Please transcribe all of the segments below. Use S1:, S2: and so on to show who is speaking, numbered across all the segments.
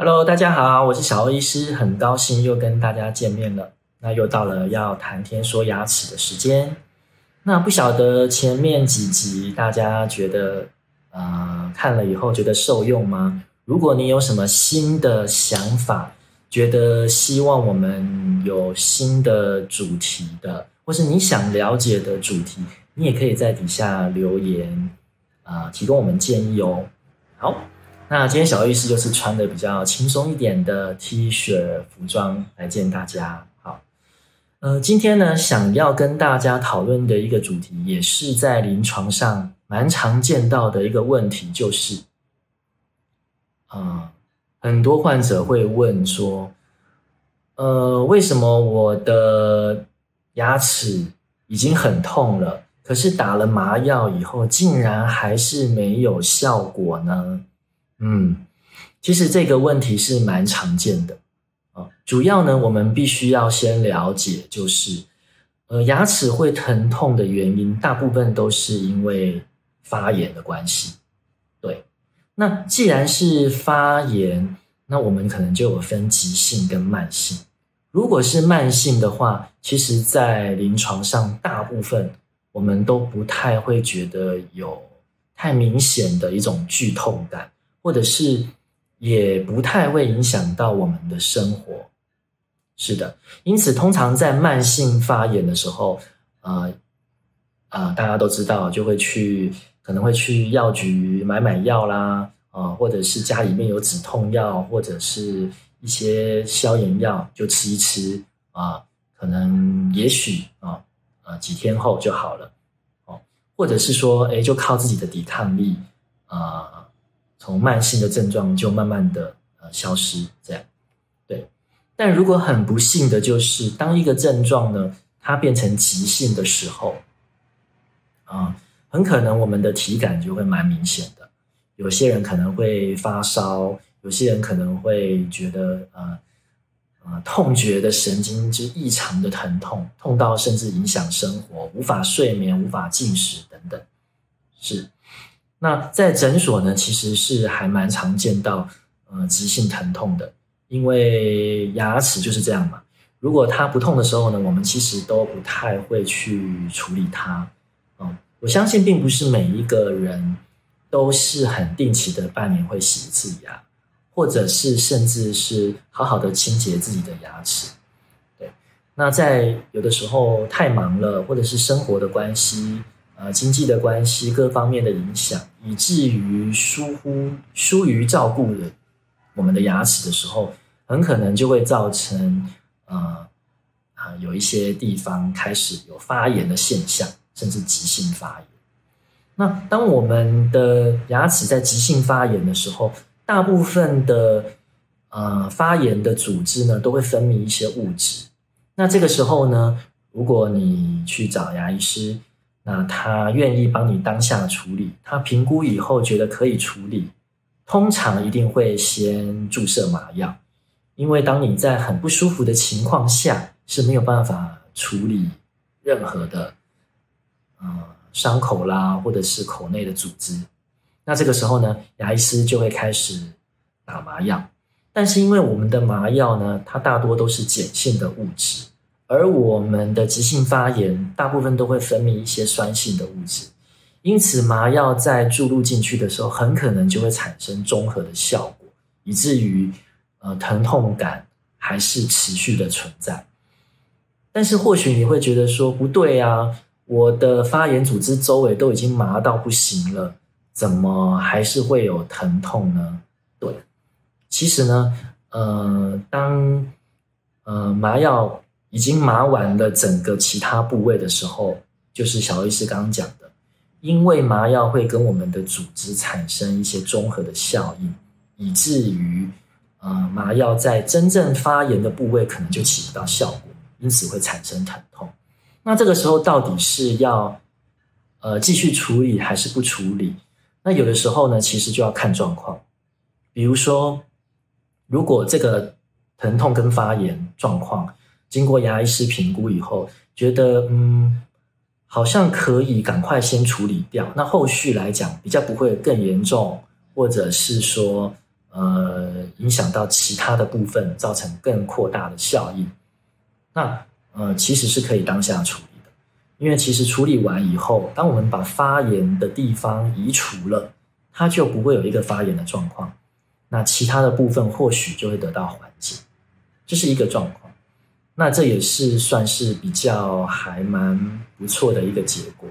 S1: Hello，大家好，我是小歐醫師，很高興又跟大家見面了。那又到了要談天說牙齒的時間。那不曉得前面幾集大家覺得，呃，看了以後覺得受用嗎？如果你有什麼新的想法，覺得希望我們有新的主題的，或是你想了解的主題，你也可以在底下留言，呃，提供我們建議哦。好。那今天小歐醫師就是穿的比較輕鬆一點的 T 恤服裝來見大家。好，呃，今天呢，想要跟大家討論的一個主題，也是在臨床上蠻常見到的一個問題，就是，啊，很多患者會問說，呃，為什麼我的牙齒已經很痛了，可是打了麻藥以後，竟然還是沒有效果呢？嗯，其實這個問題是蠻常見的啊，哦，主要呢，我們必須要先了解，就是呃，牙齒會疼痛的原因，大部分都是因為發炎的關係。對，那既然是發炎，那我們可能就有分急性跟慢性。如果是慢性的話，其實在臨床上，大部分我們都不太會覺得有太明顯的一種劇痛感。或者是也不太會影響到我們的生活，是的。因此，通常在慢性發炎的時候，呃，啊、呃，大家都知道，就會去，可能會去藥局買買藥啦，啊、呃，或者是家裡面有止痛藥，或者是一些消炎藥，就吃一吃，啊、呃，可能也許啊，啊、呃，幾天後就好了，哦、呃，或者是說，哎，就靠自己的抵抗力，啊、呃。從慢性的症狀就慢慢的呃消失，這樣，對。但如果很不幸的就是，當一個症狀呢，它變成急性的時候，啊、呃，很可能我們的體感就會蠻明顯的。有些人可能會發燒，有些人可能會覺得、呃呃、痛覺的神經就異常的疼痛，痛到甚至影響生活，無法睡眠，無法進食等等，是。那在診所呢，其實是還蠻常見到，呃，急性疼痛的，因為牙齒就是這樣嘛。如果它不痛的時候呢，我們其實都不太會去處理它。嗯，我相信並不是每一個人都是很定期的半年會洗一次牙，或者是甚至是好好的清潔自己的牙齒。對，那在有的時候太忙了，或者是生活的關係。呃，經濟的關係，各方面的影響，以至於疏忽疏於照顧了我們的牙齒的時候，很可能就會造成呃啊，有一些地方開始有發炎的現象，甚至急性發炎。那當我們的牙齒在急性發炎的時候，大部分的呃發炎的組織呢，都會分泌一些物質。那這個時候呢，如果你去找牙醫師，那他願意幫你當下處理，他評估以後覺得可以處理，通常一定會先注射麻藥，因為當你在很不舒服的情況下是沒有辦法處理任何的，呃，傷口啦，或者是口內的組織。那這個時候呢，牙醫師就會開始打麻藥，但是因為我們的麻藥呢，它大多都是鹼性的物質。而我們的急性發炎，大部分都會分泌一些酸性的物質，因此麻藥在注入進去的時候，很可能就會產生中和的效果，以至於呃疼痛感還是持續的存在。但是或許你會覺得說不對啊，我的發炎組織周圍都已經麻到不行了，怎麼還是會有疼痛呢？對，其實呢，呃，當呃麻藥。已經麻完了整個其他部位的時候，就是小醫師剛剛講的，因為麻藥會跟我們的組織產生一些綜合的效應，以至於，呃，麻藥在真正發炎的部位可能就起不到效果，因此會產生疼痛。那這個時候到底是要，呃，繼續處理還是不處理？那有的時候呢，其實就要看狀況。比如說，如果這個疼痛跟發炎狀況。經過牙醫師評估以後，覺得嗯，好像可以趕快先處理掉。那後續來講，比較不會更嚴重，或者是說，呃，影響到其他的部分，造成更擴大的效應。那呃，其實是可以當下處理的，因為其實處理完以後，當我們把發炎的地方移除了，它就不會有一個發炎的狀況。那其他的部分或許就會得到緩解，這是一個狀況。那這也是算是比較還蠻不錯的一個結果，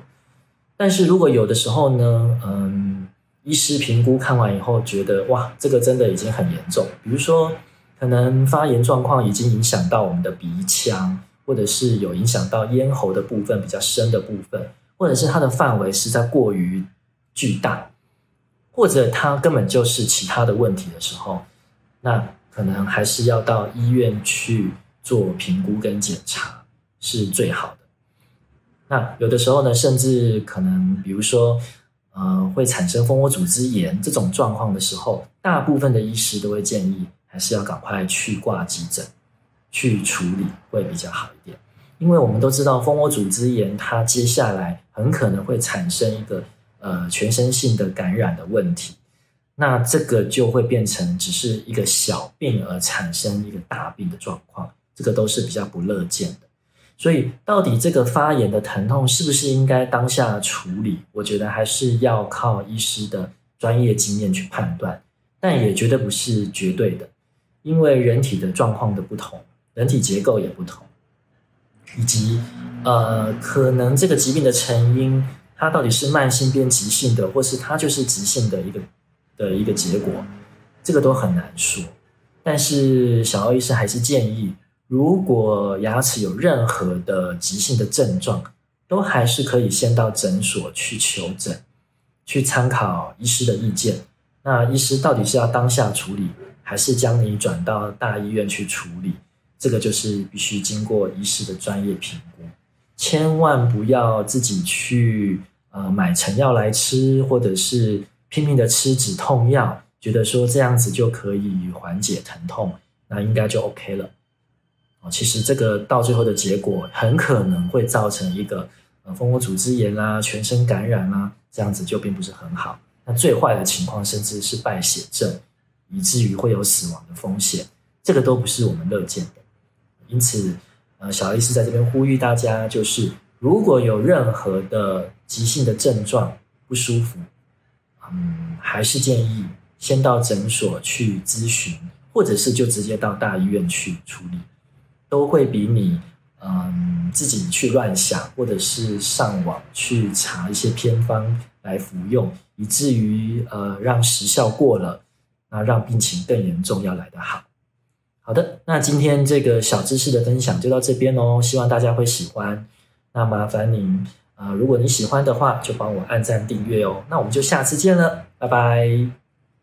S1: 但是如果有的時候呢，嗯，醫師評估看完以後覺得哇，這個真的已經很嚴重，比如說可能發炎狀況已經影響到我們的鼻腔，或者是有影響到咽喉的部分、比較深的部分，或者是它的範圍實在過於巨大，或者它根本就是其他的問題的時候，那可能還是要到醫院去，做評估跟檢查是最好的。那有的時候呢，甚至可能，比如說，呃，會產生蜂窩組織炎這種狀況的時候，大部分的醫師都會建議還是要趕快去掛急診去處理會比較好一點。因為我們都知道蜂窩組織炎，它接下來很可能會產生一個呃全身性的感染的問題，那這個就會變成只是一個小病而產生一個大病的狀況。這個都是比較不樂見的，所以到底這個發炎的疼痛是不是應該當下處理？我覺得還是要靠醫師的專業經驗去判斷，
S2: 但也絕
S1: 對不是絕對的，因為人體的狀況的不同，人體結構也不同，以及呃，可能這個疾病的成因，它到底是慢性變急性的，或是它就是急性的一個的一個結果，這個都很難說。但是小奧醫師還是建議。如果牙齒有任何的急性的症狀，都還是可以先到診所去求診，去參考醫師的意見。那醫師到底是要當下處理，還是將你轉到大醫院去處理？這個就是必須經過醫師的專業評估。千萬不要自己去，呃，買成藥來吃，或者是拼命的吃止痛藥，覺得說這樣子就可以緩解疼痛，那應該就 OK 了。其實這個到最後的結果很可能會造成一個呃蜂窩組織炎啊，全身感染啊，這樣子就並不是很好。那最壞的情況甚至是敗血症，以至於會有死亡的風險，這個都不是我們樂見的。因此，呃，小艾斯在這邊呼籲大家，就是如果有任何的急性的症狀不舒服，嗯，還是建議先到診所去諮詢，或者是就直接到大醫院去處理。都會比你嗯自己去亂想，或者是上網去查一些偏方來服用，以至於呃讓時效過了，那、啊、讓病情更嚴重要來得好。好的，那今天這個小知識的分享就到這邊哦，希望大家會喜歡。那麻煩你啊、呃，如果你喜歡的話，就幫我按讚訂閱哦。那我們就下次見了，拜拜。